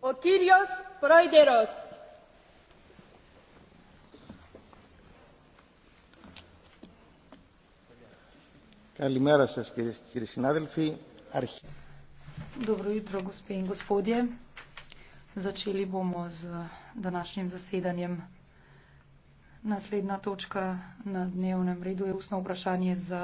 ο κύριος Πρόεδρος. Καλημέρα σας κύριε, κύριε συνάδελφοι. Αρχή. Добро утро, господин господи. Зачели бомо с данашним заседанием. Наследна точка на дневном ряду е устно обращание за за